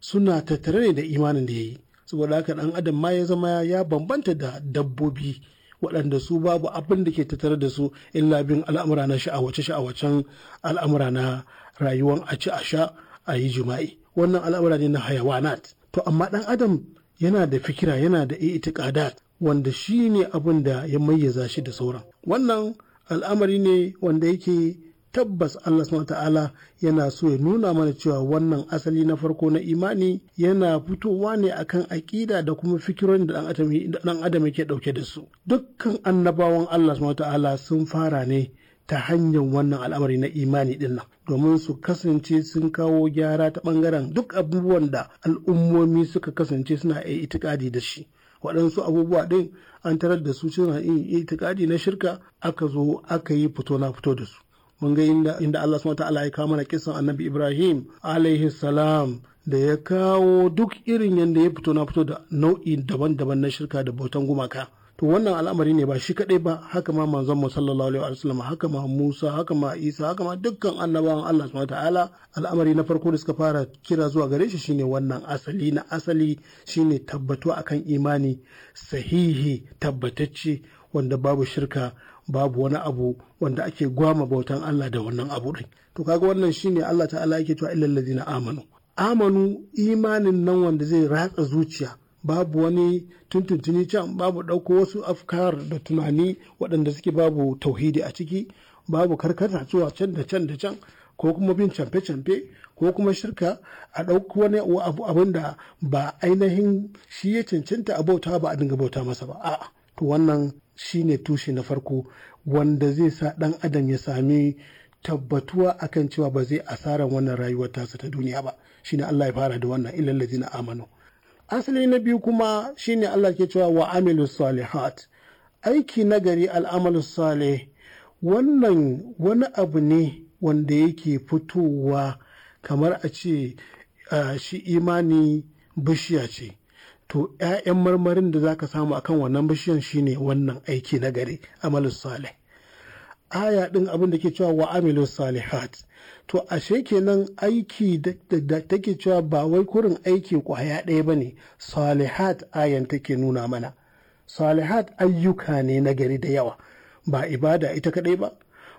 suna tattare ne da imanin da ya yi saboda haka ɗan adam ma ya zama ya bambanta da dabbobi waɗanda su babu abin da ke tattare da su illa bin al'amura na sha'awace sha'awacen al'amura na rayuwan a ci a sha a yi jima'i wannan al'amura ne na hayawanat to amma ɗan adam yana da fikira yana da itiqadat wanda shi ne abin da ya mayyaza shi da sauran wannan al'amari ne wanda yake tabbas Allah subhanahu ta'ala yana so ya nuna mana cewa wannan asali na farko na imani yana fitowa ne akan aƙida da kuma fikirorin da dan adam yake dauke da su dukkan annabawan Allah subhanahu ta'ala sun fara ne ta hanyar wannan al'amari na imani din domin su kasance sun kawo gyara ta bangaren duk abubuwan da al'ummomi suka kasance suna iya itikadi da shi waɗansu abubuwa ɗin an tarar da su suna iya itikadi na shirka aka zo aka yi fito na fito da su mun ga inda inda Allah subhanahu wataala ya kawo mana kisan Annabi Ibrahim alaihi salam da ya kawo duk irin yanda ya fito na fito da nau'i daban-daban na shirka da bautan gumaka to wannan al'amari ne ba shi kadai ba haka ma manzon mu sallallahu alaihi wasallam haka ma Musa haka ma Isa haka ma dukkan annabawan Allah subhanahu ta'ala al'amari na farko da suka fara kira zuwa gare shi shine wannan asali na asali shine tabbato akan imani sahihi tabbatacce wanda babu shirka babu wani abu wanda ake gwama bautan Allah da wannan abu din to kaga wannan shine Allah ta'ala yake cewa illal ladina amanu amanu imanin nan wanda zai ratsa zuciya babu wani tuntuntuni can babu ɗauko wasu afkar da tunani waɗanda suke babu tauhidi a ciki babu karkata zuwa can da can da can ko kuma bin canfe-canfe ko kuma shirka a ɗauki wani abin da ba ainihin shi ya cancanta a bauta ba a dinga bauta masa ba a'a to wannan shi ne tushe na farko wanda zai sa ɗan adam ya sami tabbatuwa akan cewa ba zai asaran wannan rayuwar tasa ta duniya ba shine Allah ya fara da wannan ilallazi na amanu asali na biyu kuma shine Allah ke cewa wa amilu salihat aiki nagari al'amalu salih wannan wani abu ne wanda yake fitowa kamar a ce shi imani bishiya ce to 'ya'yan marmarin da zaka samu akan wannan bishiyan shine wannan aiki nagari amalu salih aya din abin da ke cewa wa amilu salihat to ashe kenan aiki da take cewa ba wai kurin aiki kwaya ɗaya ba ne salihat ayan take nuna mana salihat ayyuka ne na gari da yawa ba ibada ita kaɗai ba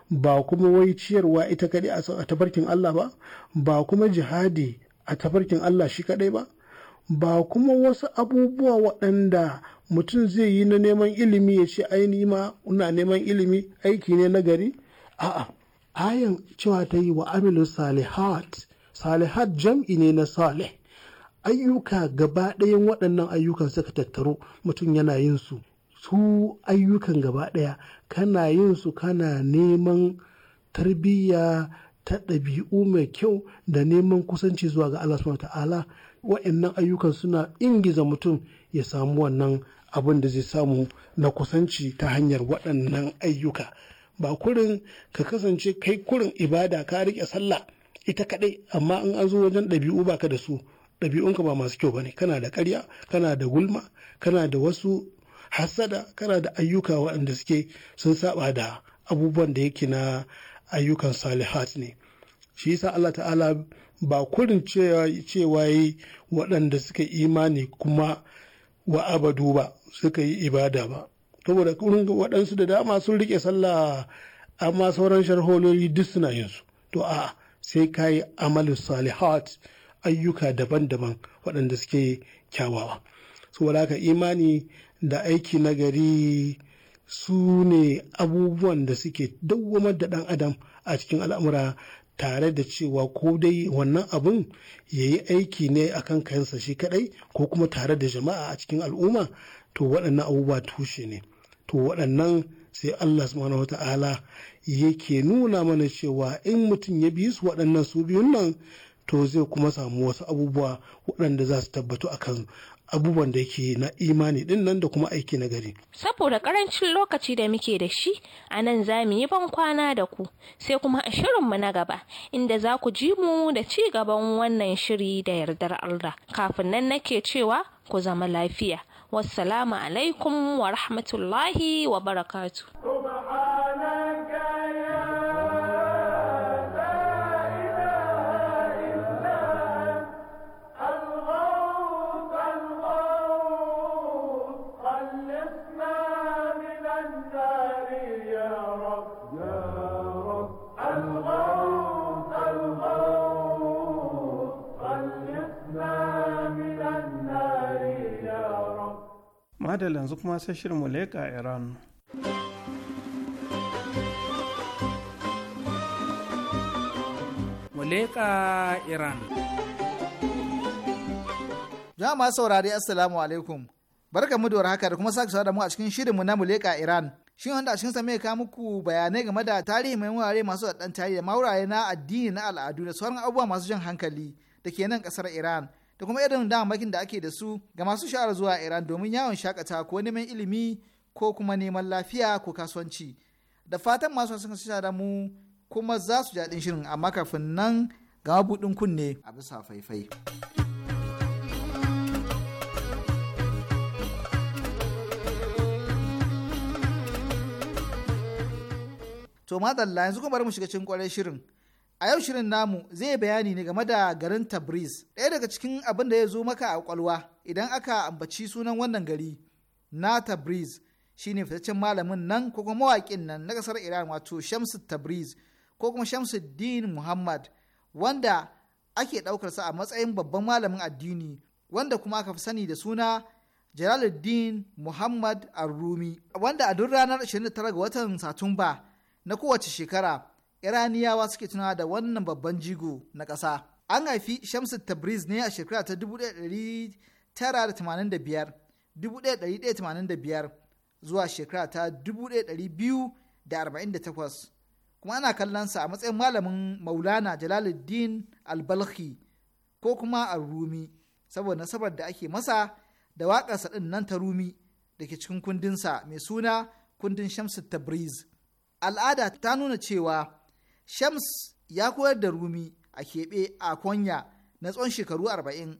ba kuma wai ciyarwa ita kaɗai a tabarkin Allah ba ba kuma jihadi a tafarkin Allah shi kaɗai ba ba kuma wasu abubuwa waɗanda mutum zai yi na neman ilimi ya ce aini ma ina neman ilimi aiki ne na gari a'a ayan cewa ta yi wa amilu salihat salihat jam'i ne na salih ayyuka gaba ɗayan waɗannan ayyukan suka tattaro mutum yana yin su su ayyukan gaba ɗaya kana yin su kana neman tarbiyya ta ɗabi'u mai kyau da neman kusanci zuwa ga Allah subhanahu ta'ala wa'annan ayyukan suna ingiza mutum ya samu wannan abin da zai samu na kusanci ta hanyar waɗannan ayyuka ba kurin ka kasance kai kurin ibada ka rike sallah ita kadai amma in an zo wajen ɗabi'u ba ka da su ɗabi'unka ba masu kyau bane kana da ƙarya kana da gulma kana da wasu hasada kana da ayyuka waɗanda suke sun saba da abubuwan da yake na ayyukan salihat ne shi yasa Allah ta'ala ba kurin cewa yi waɗanda suka imani kuma wa abadu ba suka yi ibada ba saboda kurin waɗansu da dama sun rike sallah amma sauran sharhololi duk suna yin su to a sai ka yi amalin salihat ayyuka daban-daban waɗanda suke kyawawa saboda haka imani da aiki nagari su ne abubuwan da suke dawwamar da ɗan adam a cikin al'amura tare da cewa ko dai wannan abin ya yi aiki ne a kan kansa shi kaɗai, ko kuma tare da jama'a a cikin al'umma to waɗannan abubuwa tushe ne to waɗannan sai Allah subhanahu wata'ala yake nuna mana cewa in mutum ya bi su waɗannan su biyun nan to zai kuma samu wasu abubuwa waɗanda za su tabbatu akan abubuwan da yake na imani din nan da kuma aiki na gari. Saboda karancin lokaci da muke da shi, a nan za mu yi ban kwana da ku, sai kuma a shirinmu na gaba, inda za ku ji mu da ci gaban wannan shiri da yardar Allah. Kafin nan nake cewa ku zama lafiya. wassalamu alaikum wa rahmatullahi wa barakatu. da yanzu kuma sai shirin iran muleka iran ma saurari assalamu alaikum barka mu da haka da kuma sake da mu a cikin mu na muleka iran shin wanda a cikin sa mai muku bayanai game da tarihi mai wurare masu daɗan tarihi da maurare na addini na al'adu da sauran abubuwa masu jan hankali da ke nan kasar iran da kuma irin damakin da ake da su ga masu sha'ar zuwa Iran domin yawon shakatawa ko neman ilimi ko kuma neman lafiya ko kasuwanci. Da fatan masu sun kasance da mu kuma za su jaɗin shirin amma kafin nan ga mabuɗin kunne a bisa faifai. To madalla yanzu kuma bari mu shiga cikin kwarai shirin. A yau shirin namu zai bayani ne game da garin Tabriz, ɗaya daga cikin abin da ya zo maka a ƙwaƙwalwa idan aka ambaci sunan wannan gari na Tabriz shine fitaccen malamin nan ko kuma mawaƙin nan na ƙasar Iran wato Shamsu Tabriz ko kuma Shamsuddin Muhammad wanda ake ɗaukarsa a matsayin babban malamin addini wanda kuma aka fi sani da suna Jalaluddin Muhammad Ar-Rumi wanda a duk ranar 29 ga watan Satumba na kowace shekara iraniyawa suke tunawa da wannan babban jigo na ƙasa an haifi shamsu tabriz ne a shekara ta 1985 1185 zuwa shekara ta 1248 kuma ana kallonsa a matsayin malamin maulana jalaluddin albalhi ko kuma a rumi saboda nasabar da ake masa da waƙarsa ɗin nan ta rumi da ke cikin kundinsa mai suna kundin shamsu tabriz al'ada ta nuna cewa Shams ya koyar da Rumi a keɓe a Konya na tsawon shekaru arba'in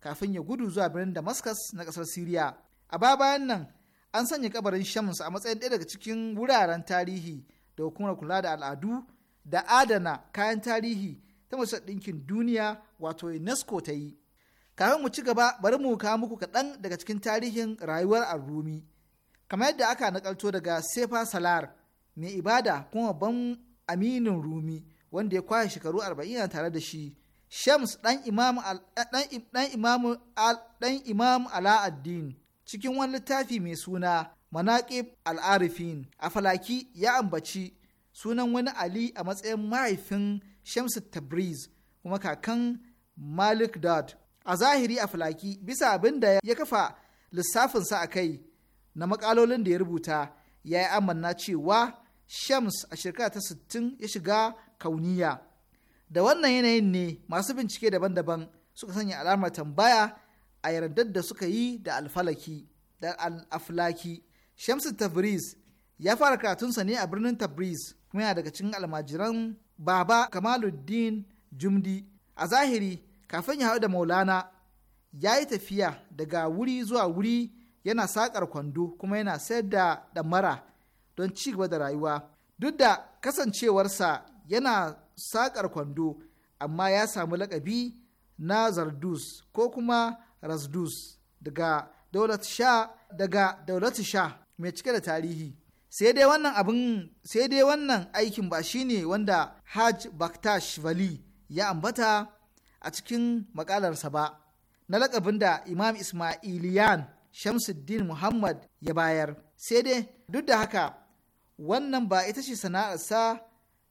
kafin ya gudu zuwa birnin Damascus na ƙasar Siriya. A baya bayan nan an sanya kabarin Shams a matsayin ɗaya daga cikin wuraren tarihi da hukumar kula da al'adu da adana kayan tarihi ta Majalisar Ɗinkin Duniya wato UNESCO ta yi. Kafin mu ci gaba bari mu kawo muku kaɗan daga cikin tarihin rayuwar Al-Rumi. Kamar yadda aka nakalto daga Sefa Salar mai ibada kuma babban aminin rumi wanda ya kwashe shekaru arba'in tare da shi shams dan imam dan imam ala'addin cikin wani littafi mai suna al-arifin a falaki ya ambaci sunan wani ali a matsayin mahaifin shams tabriz kuma kakan malik dad a zahiri a falaki bisa abin da ya kafa lissafinsa a kai na makalolin da ya rubuta ya yi amanna cewa shams a shekara ta 60 ya shiga kauniya da wannan yanayin ne masu bincike daban-daban suka sanya alamar tambaya a yardar da suka yi da alfalaki da al'aflaki shamsu tabriz ya fara karatunsa ne a birnin tabriz kuma yana daga cikin almajiran baba kamaluddin jumdi a zahiri kafin ya hau da maulana ya yi tafiya daga wuri zuwa wuri yana saƙar kwando kuma yana sayar da ɗamara don ci gaba da rayuwa duk da kasancewarsa yana sakar kwando amma ya samu lakabi na zardus ko kuma rasdus daga daulat sha daga daulat sha mai cike da tarihi sai dai wannan abin sai dai wannan aikin ba shine wanda hajj baktash vali ya ambata a cikin makalarsa ba na lakabin da imam ismailiyan shamsuddin muhammad ya bayar sai dai duk da haka wannan ba ita ce sana'arsa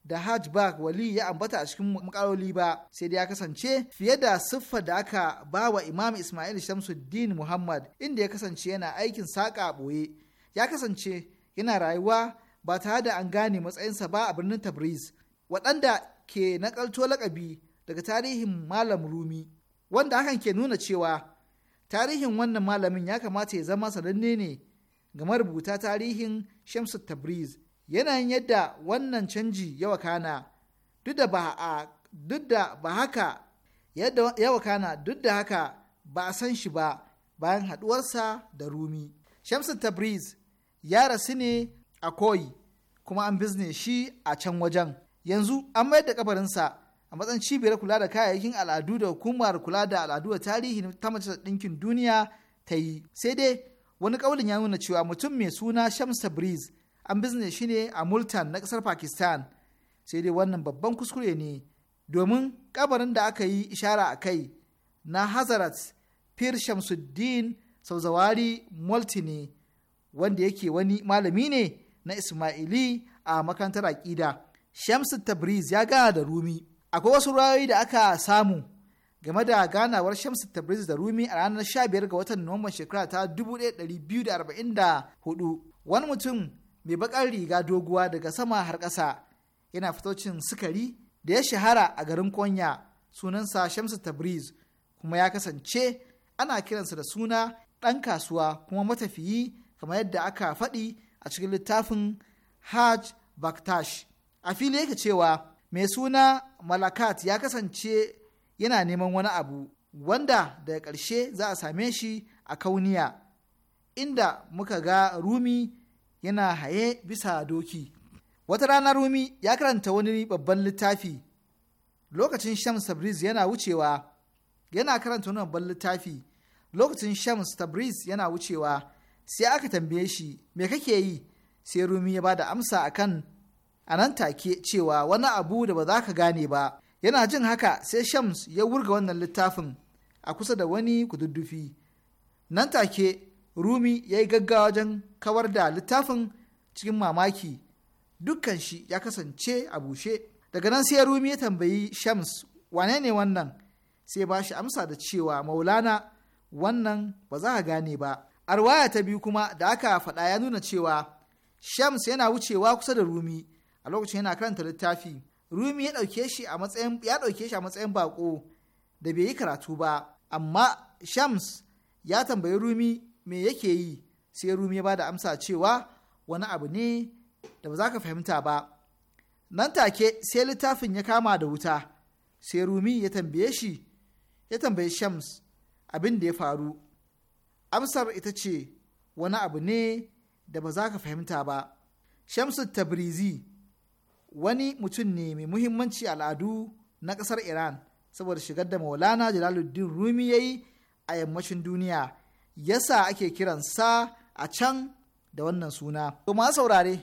da Ba wali ya ambata a cikin makaroli ba sai da ya kasance fiye da siffa da aka ba wa imam ismail shamsuddin muhammad inda ya kasance yana aikin saƙa ɓoye ya kasance yana rayuwa ba tare da an gane matsayinsa ba a birnin tabriz waɗanda ke naƙalto laƙabi daga tarihin malam rumi wanda hakan ke nuna cewa tarihin wannan malamin ya kamata ya zama sananne ne ga marubuta tarihin Shamsu Tabriz yanayin yadda wannan canji ya wakana duk da ba haka yadda ya wakana duk da haka ba a san shi ba bayan haduwarsa da Rumi Shamsu Tabriz ya rasu ne a Koyi kuma an bizne shi a can wajen yanzu an mayar da kabarinsa a matsayin cibiyar kula da kayayyakin al'adu da hukumar kula da al'adu da tarihi ta majalisar ɗinkin duniya ta yi sai dai wani kaulin ya nuna cewa mutum mai suna shamsa breeze an bizne shi ne a multan na ƙasar pakistan sai dai wannan babban kuskure ne domin kabarin da aka yi ishara a kai na hazarat pir shamsuddin sauzawari multi ne wanda yake wani malami ne na ismaili a makantar aƙida shamsu tabriz ya gana da rumi akwai wasu rayoyi da aka samu game da ganawar Shamsu Tabriz da Rumi a ranar 15 ga watan Nuwamban shekara ta 1244. Wani mutum mai bakar riga doguwa daga sama har ƙasa yana fitocin sukari da ya shahara a garin Konya sunansa Shamsu Tabriz kuma ya kasance ana kiransa da suna ɗan kasuwa kuma matafiyi kamar yadda aka faɗi a cikin littafin Hajj Baktash. A fili yake cewa mai suna Malakat ya kasance yana neman wani abu wanda daga ƙarshe za a same shi a kauniya inda muka ga rumi yana haye bisa doki wata rana rumi ya karanta wani babban littafi lokacin shams tabriz yana wucewa yana karanta wani babban littafi lokacin shams tabriz yana wucewa sai aka tambaye shi me kake yi sai rumi ya ba da amsa akan a nan take cewa wani abu da ba za ka gane ba yana jin haka sai shams ya wurga wannan littafin a kusa da wani kududdufi nan take rumi ya yi gaggawa wajen kawar da littafin cikin mamaki dukkan shi ya kasance a bushe daga nan sai rumi ya tambayi shams wane ne wannan sai ba shi amsa da cewa maulana wannan ba za a gane ba arwaya ta biyu kuma da aka faɗa ya nuna cewa shams yana wucewa kusa da rumi a lokacin yana karanta littafi Rumi ya ɗauke shi a matsayin ya ɗauke shi a matsayin bako da bai yi karatu ba amma Shams ya tambayi Rumi me yake yi sai Rumi ya ba da amsa cewa wani abu ne da ba za ka fahimta ba nan take sai littafin ya kama da wuta sai Rumi ya tambaye shi ya tambayi Shams abin da ya faru amsar ita ce wani abu ne da ba za ka fahimta ba Shamsu Tabrizi wani mutum ne mai muhimmanci al'adu na ƙasar iran saboda shigar da maulana jalaluddin rumi ya yi a yammacin duniya yasa ake kiransa a can da wannan suna to ma saurare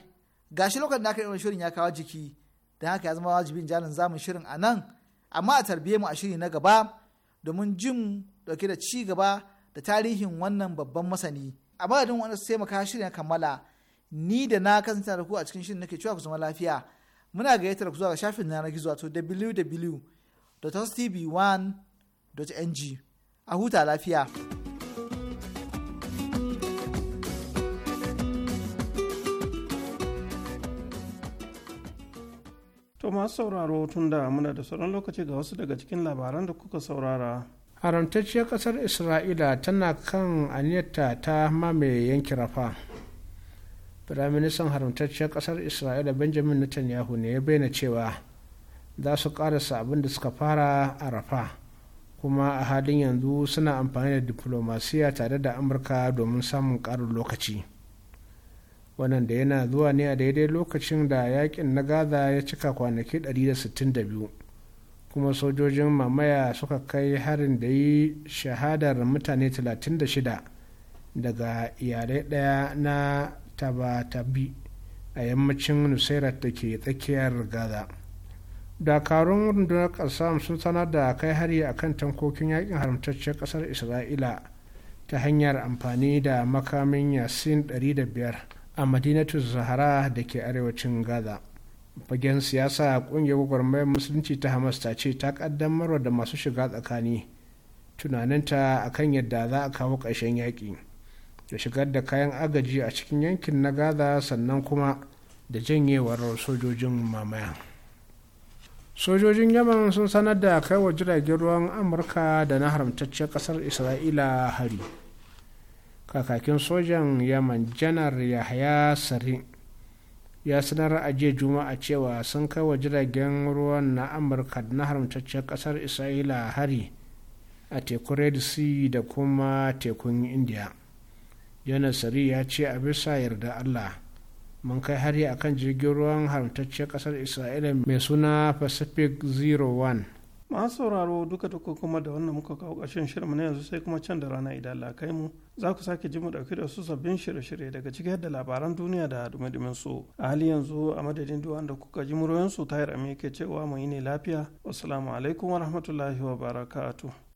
gashi lokacin da aka yi shirin ya kawo jiki don haka ya zama wajibin jalin zamun shirin a nan amma a tarbiyyar mu a shiri na gaba domin jin dauke da ci gaba da tarihin wannan babban masani a madadin wanda su taimaka shirin kammala ni da na kasance da ku a cikin shirin nake cewa ku zama lafiya muna gayyatar ku zuwa shafin na gizo wato www.tv1.ng a huta lafiya. To masu sauraro tun da muna da sauran lokaci ga wasu daga cikin labaran da kuka saurara. Haramtacciyar ƙasar Isra'ila tana kan aniyarta ta mamaye yanki rafa. firaministan haramtacciyar ƙasar isra'ila benjamin netanyahu ne ya bayyana cewa za su karasa abin da suka fara a rafa kuma a halin yanzu suna amfani da diplomasiya tare da amurka domin samun karin lokaci wannan da yana zuwa ne a daidai lokacin da yakin na gaza ya cika kwanaki 162 kuma sojojin mamaya suka kai harin da yi shahadar mutane 36 daga iyalai daya na ta bi a yammacin nusairat da ke tsakiyar gaza dakarun rundunar ƙasam sun sanar da kai hari a kan tankokin yakin haramtaccen ƙasar isra'ila ta hanyar amfani da makamin yasin 500 a madinatu zahara da ke arewacin gaza fagen siyasa ƙungiyar gwagwarmayar musulunci ta hamas ta ce ta ƙaddamarwa da masu shiga tsakani tunaninta akan yadda za a kawo ƙarshen yaƙi. da shigar da kayan agaji a cikin yankin na gaza sannan kuma da janyewar sojojin mamaya sojojin yaman sun sanar da kaiwa jiragen ruwan amurka da na haramtacciyar kasar isra'ila hari kakakin sojan yaman janar yahaya sari ya sanar a jiya juma'a cewa sun kaiwa jiragen ruwan na amurka da na haramtacciyar kasar isra'ila hari a tekun red sea da kuma tekun india yanasari ya ce a bisa yarda allah mun kai hari a kan jirgin ruwan haramtacciyar kasar isra'ila mai suna pacific 01 masu sauraro duka duka kuma da wannan muka kawo ƙarshen shirin na yanzu sai kuma can da rana idan lakai mu za ku sake ji mu ɗauki da su sabbin shirye-shirye daga cikin da labaran duniya da dumi su a hali yanzu a madadin duwan da kuka ji muryoyin su tayar ke cewa mu yi ne lafiya wassalamu alaikum wa barakatu.